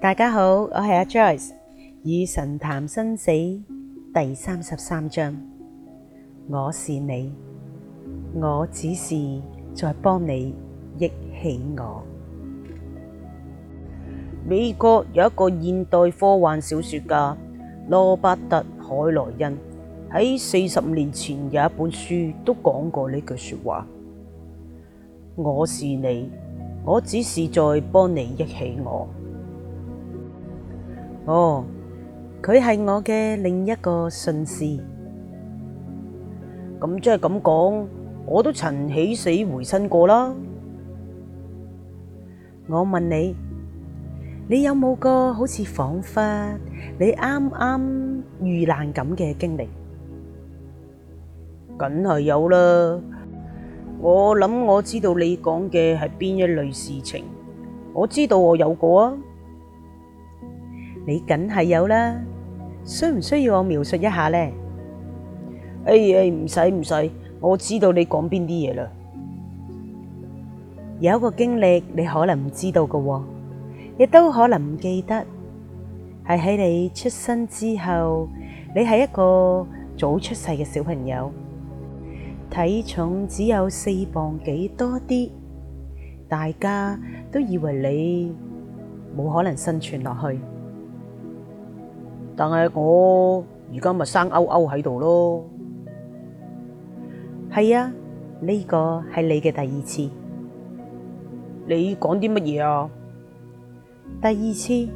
大家好，我係阿 Joyce，與神談生死第三十三章。我是你，我只是在幫你憶起我。美國有一個現代科幻小說家羅伯特海萊恩，喺四十年前有一本書都講過呢句說話。我是你，我只是在幫你憶起我。哦，佢係我嘅另一個信士。咁即係咁講，我都曾起死回生過啦。我問你，你有冇個好似仿佛你啱啱遇難咁嘅經歷？梗係有啦。我諗我知道你講嘅係邊一類事情。我知道我有過啊。你梗係有啦，需唔需要我描述一下咧？誒誒，唔使唔使，我知道你講邊啲嘢啦。有一個經歷，你可能唔知道嘅，亦都可能唔記得，係喺你出生之後，你係一個早出世嘅小朋友，體重只有四磅幾多啲，大家都以為你冇可能生存落去。但係我而家咪生勾勾喺度咯。係啊，呢個係你嘅第二次。你講啲乜嘢啊？第二次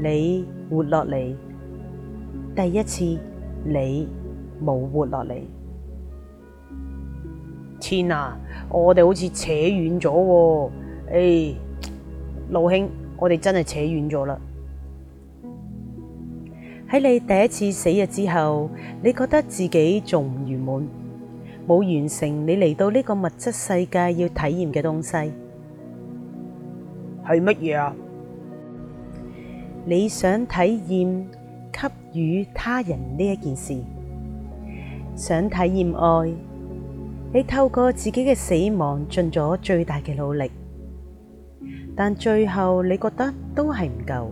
你活落嚟，第一次你冇活落嚟。天啊！我哋好似扯遠咗。誒，老兄，我哋真係扯遠咗啦。喺你第一次死咗之後，你覺得自己仲唔圓滿，冇完成你嚟到呢個物質世界要體驗嘅東西係乜嘢啊？你想體驗給予他人呢一件事，想體驗愛，你透過自己嘅死亡盡咗最大嘅努力，但最後你覺得都係唔夠，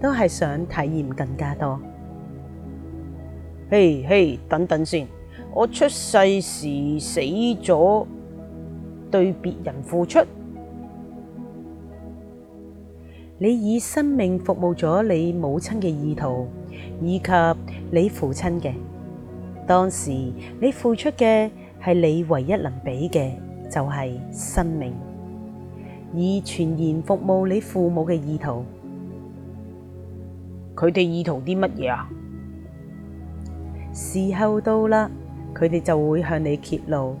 都係想體驗更加多。嘿嘿，等等先。我出世時死咗，對別人付出。你以生命服務咗你母親嘅意圖，以及你父親嘅。當時你付出嘅係你唯一能俾嘅，就係生命，以全然服務你父母嘅意圖。佢哋意圖啲乜嘢啊？時候到啦，佢哋就會向你揭露，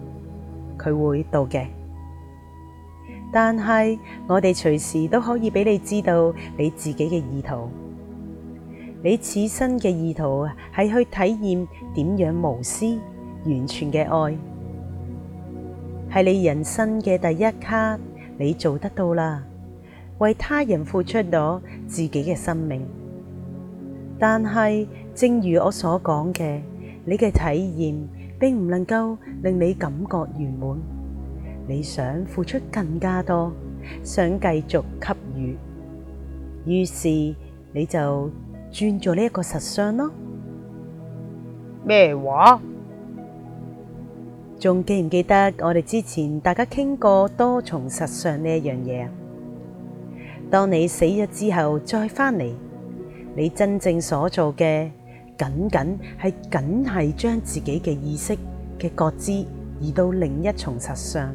佢會到嘅。但係我哋隨時都可以俾你知道你自己嘅意圖，你此生嘅意圖係去體驗點樣無私、完全嘅愛，係你人生嘅第一卡，你做得到啦，為他人付出咗自己嘅生命，但係。正如我所講嘅，你嘅體驗並唔能夠令你感覺圓滿。你想付出更加多，想繼續給予，於是你就轉做呢一個實相咯。咩話？仲記唔記得我哋之前大家傾過多重實相呢一樣嘢啊？當你死咗之後再翻嚟，你真正所做嘅。僅僅係僅係將自己嘅意識嘅覺知移到另一重實相，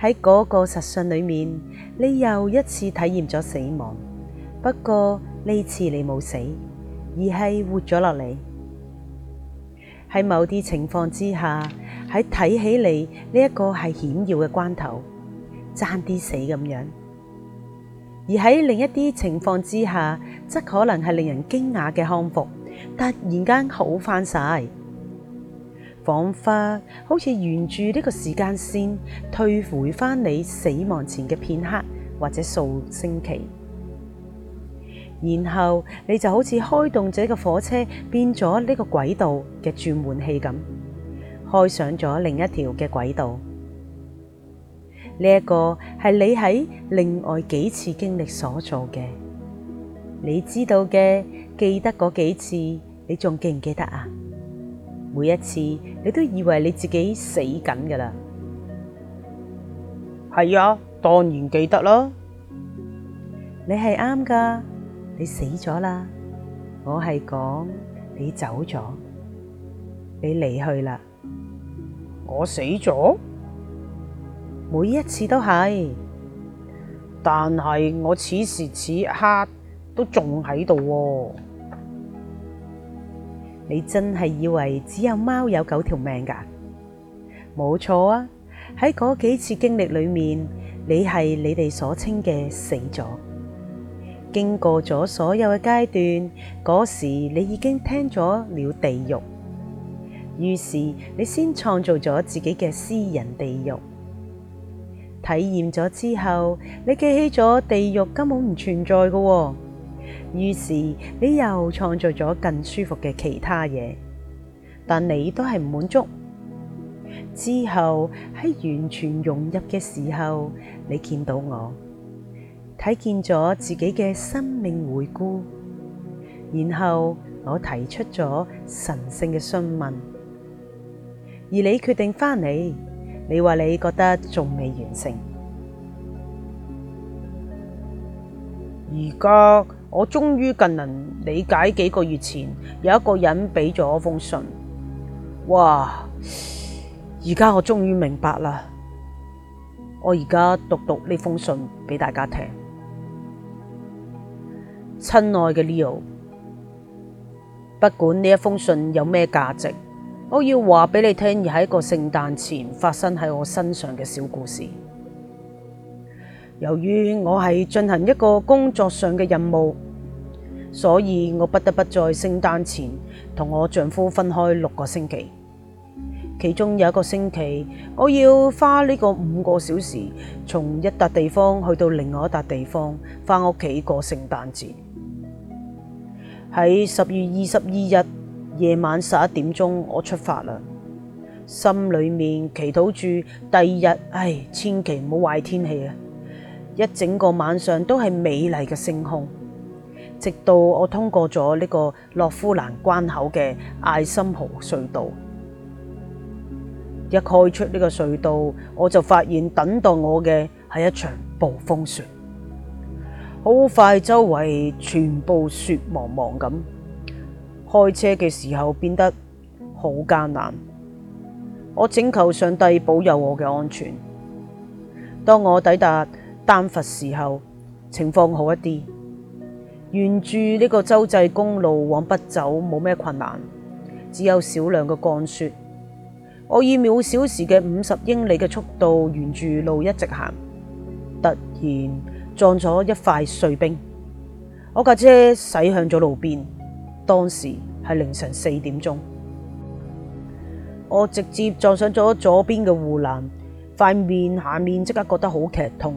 喺嗰個實相裏面，你又一次體驗咗死亡。不過呢次你冇死，而係活咗落嚟。喺某啲情況之下，喺睇起嚟呢一個係險要嘅關頭，爭啲死咁樣；而喺另一啲情況之下，則可能係令人驚訝嘅康復。突然間好翻晒，仿佛好似沿住呢個時間線退回翻你死亡前嘅片刻或者數星期，然後你就好似開動咗一個火車，變咗呢個軌道嘅轉換器咁，開上咗另一條嘅軌道。呢、這、一個係你喺另外幾次經歷所做嘅。你知道嘅記得嗰幾次，你仲記唔記得啊？每一次你都以為你自己死緊噶啦。係啊，當然記得啦。你係啱噶，你死咗啦。我係講你走咗，你離去啦。我死咗，每一次都係，但係我此時此刻。都仲喺度喎！你真係以為只有貓有九條命噶，啊？冇錯啊！喺嗰幾次經歷裏面，你係你哋所稱嘅死咗。經過咗所有嘅階段，嗰時你已經聽咗了了地獄。於是你先創造咗自己嘅私人地獄。體驗咗之後，你記起咗地獄根本唔存在喎，啊。於是你又創造咗更舒服嘅其他嘢，但你都係唔滿足。之後喺完全融入嘅時候，你見到我，睇見咗自己嘅生命回顧，然後我提出咗神性嘅詢問，而你決定翻嚟，你話你覺得仲未完成，如果。我終於更能理解幾個月前有一個人俾咗我封信，哇！而家我終於明白啦。我而家讀讀呢封信俾大家聽。親愛嘅 Leo，不管呢一封信有咩價值，我要話俾你聽，而係一個聖誕前發生喺我身上嘅小故事。由於我係進行一個工作上嘅任務，所以我不得不在聖誕前同我丈夫分開六個星期，其中有一個星期我要花呢個五個小時，從一笪地方去到另外一笪地方，返屋企過聖誕節。喺十月二十二日夜晚十一點鐘，我出發啦，心裏面祈禱住第二日，唉，千祈唔好壞天氣啊！一整個晚上都係美麗嘅星空，直到我通過咗呢個洛夫蘭關口嘅艾森豪隧道，一開出呢個隧道，我就發現等待我嘅係一場暴風雪。好快，周圍全部雪茫茫咁，開車嘅時候變得好艱難。我請求上帝保佑我嘅安全。當我抵達丹佛時候情況好一啲，沿住呢個州際公路往北走冇咩困難，只有少量嘅降雪。我以每小時嘅五十英里嘅速度沿住路一直行，突然撞咗一塊碎冰，我架車駛向咗路邊。當時係凌晨四點鐘，我直接撞上咗左邊嘅護欄，塊面下面即刻覺得好劇痛。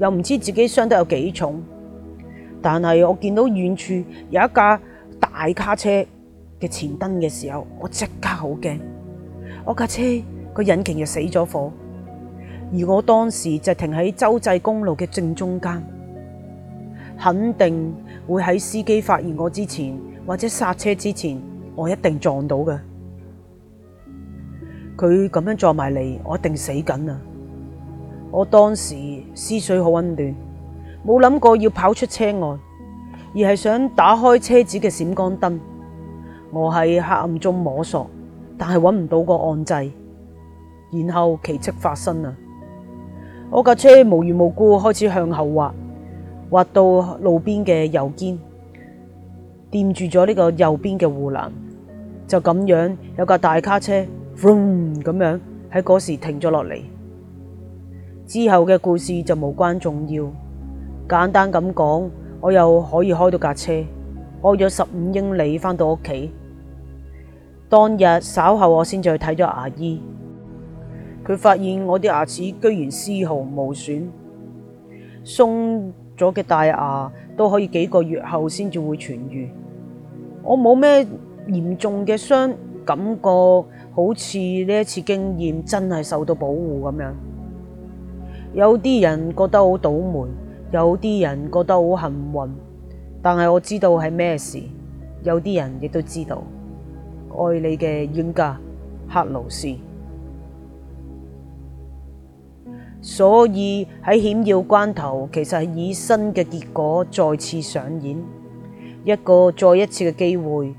又唔知自己傷得有幾重，但係我見到遠處有一架大卡車嘅前燈嘅時候，我即刻好驚。我架車個引擎又死咗火，而我當時就停喺洲際公路嘅正中間，肯定會喺司機發現我之前或者剎車之前，我一定撞到嘅。佢咁樣撞埋嚟，我一定死緊啊。我當時思緒好温暖，冇諗過要跑出車外，而係想打開車子嘅閃光燈。我喺黑暗中摸索，但係揾唔到個按掣。然後奇蹟發生啦，我架車無緣無故開始向後滑，滑到路邊嘅右肩，掂住咗呢個右邊嘅護欄。就咁樣，有架大卡車，轟，咁樣喺嗰時停咗落嚟。之後嘅故事就無關重要。簡單咁講，我又可以開到架車，開咗十五英里返到屋企。當日稍後我先至去睇咗牙醫，佢發現我啲牙齒居然絲毫無損，鬆咗嘅大牙都可以幾個月後先至會痊癒。我冇咩嚴重嘅傷，感覺好似呢一次經驗真係受到保護咁樣。有啲人覺得好倒霉，有啲人覺得好幸運，但係我知道係咩事，有啲人亦都知道。愛你嘅冤家克勞斯，所以喺險要關頭，其實係以新嘅結果再次上演一個再一次嘅機會，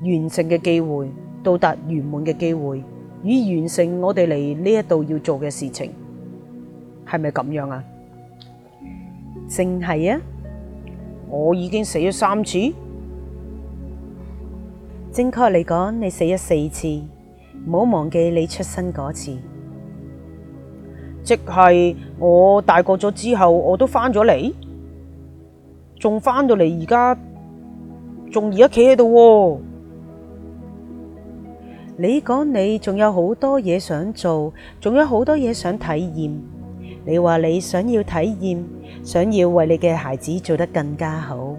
完成嘅機會，到達圓滿嘅機會，以完成我哋嚟呢一度要做嘅事情。係咪咁樣啊？淨係啊！我已經死咗三次，正確嚟講，你死咗四次，唔好忘記你出生嗰次，即係我大個咗之後，我都翻咗嚟，仲翻到嚟，而家仲而家企喺度。你講你仲有好多嘢想做，仲有好多嘢想體驗。你話你想要體驗，想要為你嘅孩子做得更加好，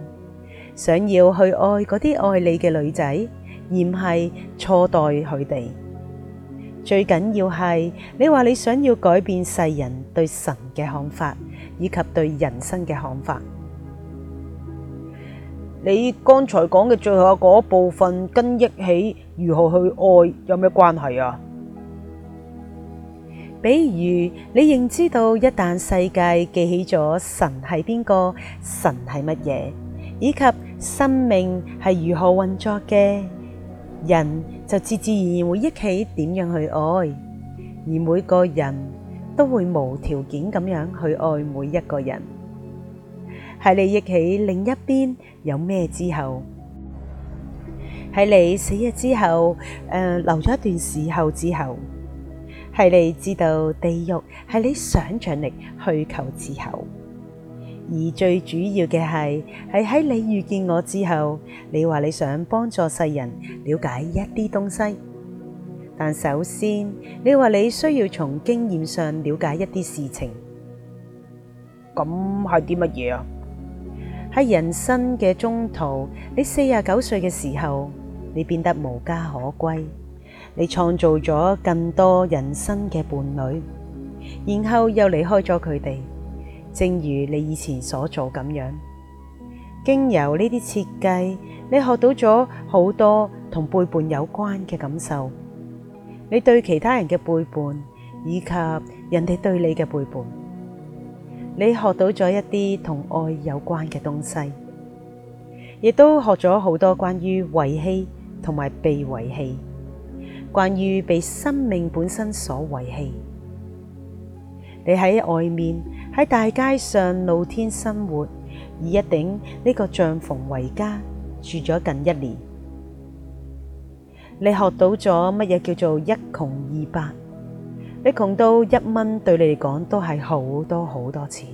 想要去愛嗰啲愛你嘅女仔，而唔係錯待佢哋。最緊要係你話你想要改變世人對神嘅看法，以及對人生嘅看法。你剛才講嘅最後嗰部分，跟憶起如何去愛有咩關係啊？比如你認知到一旦世界記起咗神係邊個，神係乜嘢，以及生命係如何運作嘅，人就自自然然會憶起點樣去愛，而每個人都會無條件咁樣去愛每一個人。喺你憶起另一邊有咩之後，喺你死咗之後，誒，留咗一段時候之後。係你知道地獄係你想象力去求之後，而最主要嘅係係喺你遇見我之後，你話你想幫助世人了解一啲東西，但首先你話你需要從經驗上了解一啲事情這，咁係啲乜嘢啊？喺人生嘅中途，你四十九歲嘅時候，你變得無家可歸。你創造咗更多人生嘅伴侶，然後又離開咗佢哋，正如你以前所做咁樣。經由呢啲設計，你學到咗好多同背叛有關嘅感受。你對其他人嘅背叛，以及人哋對你嘅背叛，你學到咗一啲同愛有關嘅東西，亦都學咗好多關於遺棄同埋被遺棄。關於被生命本身所遺棄，你喺外面喺大街上露天生活，以一頂呢個帳篷為家，住咗近一年。你學到咗乜嘢叫做一窮二白。你窮到一蚊對你嚟講都係好多好多錢，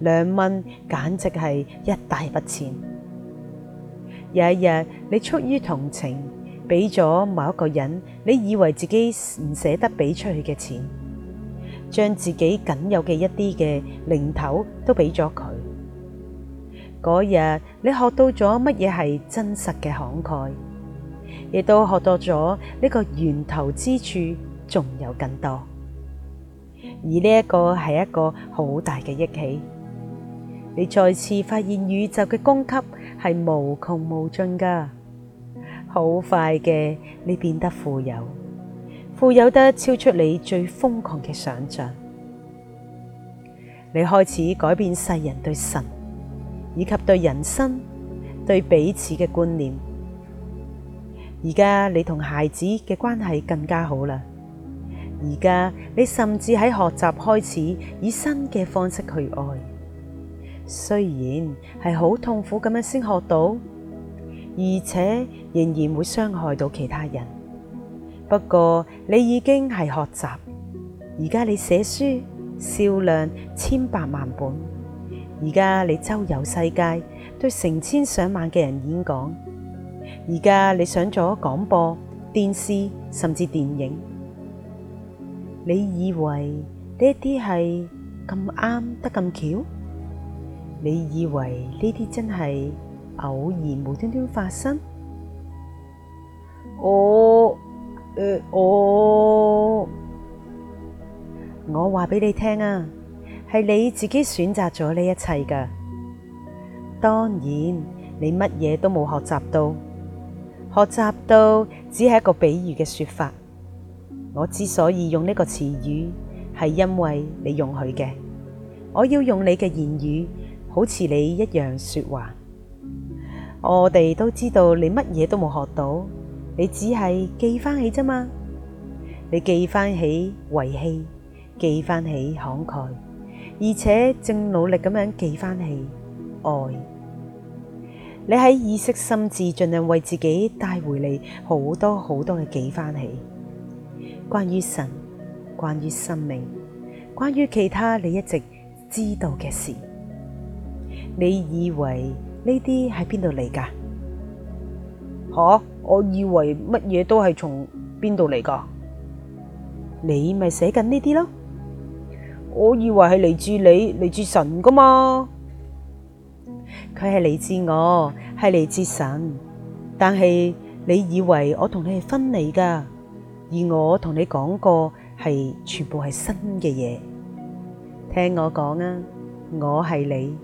兩蚊簡直係一大筆錢。有一日，你出於同情。俾咗某一個人，你以為自己唔捨得俾出去嘅錢，將自己僅有嘅一啲嘅零頭都俾咗佢。嗰日你學到咗乜嘢係真實嘅慷慨，亦都學到咗呢個源頭之處仲有更多。而呢一個係一個好大嘅益處，你再次發現宇宙嘅供給係無窮無盡噶。好快嘅，你變得富有，富有得超出你最瘋狂嘅想象。你開始改變世人對神以及對人生、對彼此嘅觀念。而家你同孩子嘅關係更加好啦。而家你甚至喺學習開始以新嘅方式去愛，雖然係好痛苦咁樣先學到。而且仍然會傷害到其他人。不過你已經係學習，而家你寫書，銷量千百萬本；而家你周遊世界，對成千上萬嘅人演講；而家你上咗廣播、電視甚至電影，你以為呢啲係咁啱得咁巧？你以為呢啲真係？偶然無端端發生，我、哦、誒、呃哦，我我話俾你聽啊，係你自己選擇咗呢一切噶。當然，你乜嘢都冇學習到，學習到只係一個比喻嘅說法。我之所以用呢個詞語，係因為你容許嘅。我要用你嘅言語，好似你一樣說話。我哋都知道你乜嘢都冇學到，你只係記翻起啫嘛。你記翻起遺棄，記翻起慷慨，而且正努力咁樣記翻起愛。你喺意識心智盡量為自己帶回嚟好多好多嘅記翻起，關於神，關於生命，關於其他你一直知道嘅事。你以為？呢啲喺邊度嚟噶？吓，我以為乜嘢都係從邊度嚟噶？你咪寫緊呢啲咯？我以為係嚟自你，嚟自神噶嘛？佢係嚟自我，係嚟自神。但係你以為我同你係分離噶？而我同你講過係全部係新嘅嘢。聽我講啊，我係你，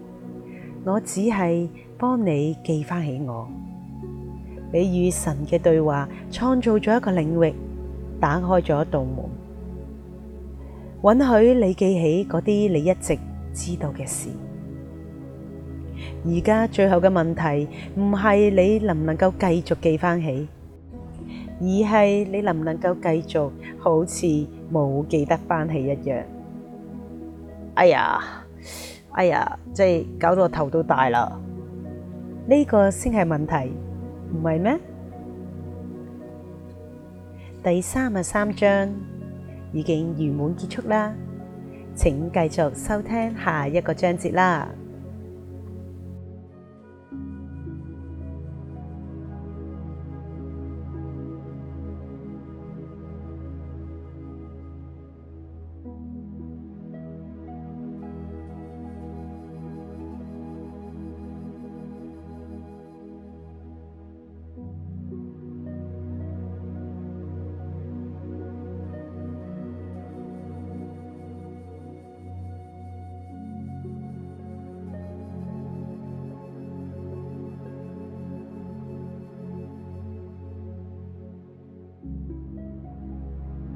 我只係。幫你記翻起我，你與神嘅對話創造咗一個領域，打開咗一道門，允許你記起嗰啲你一直知道嘅事。而家最後嘅問題唔係你能唔能夠繼續記翻起，而係你能唔能夠繼續好似冇記得翻起一樣。哎呀，哎呀，即係搞到我頭都大啦～呢、這個先係問題，唔係咩？第三十三章已經圓滿結束啦，請繼續收聽下一個章節啦。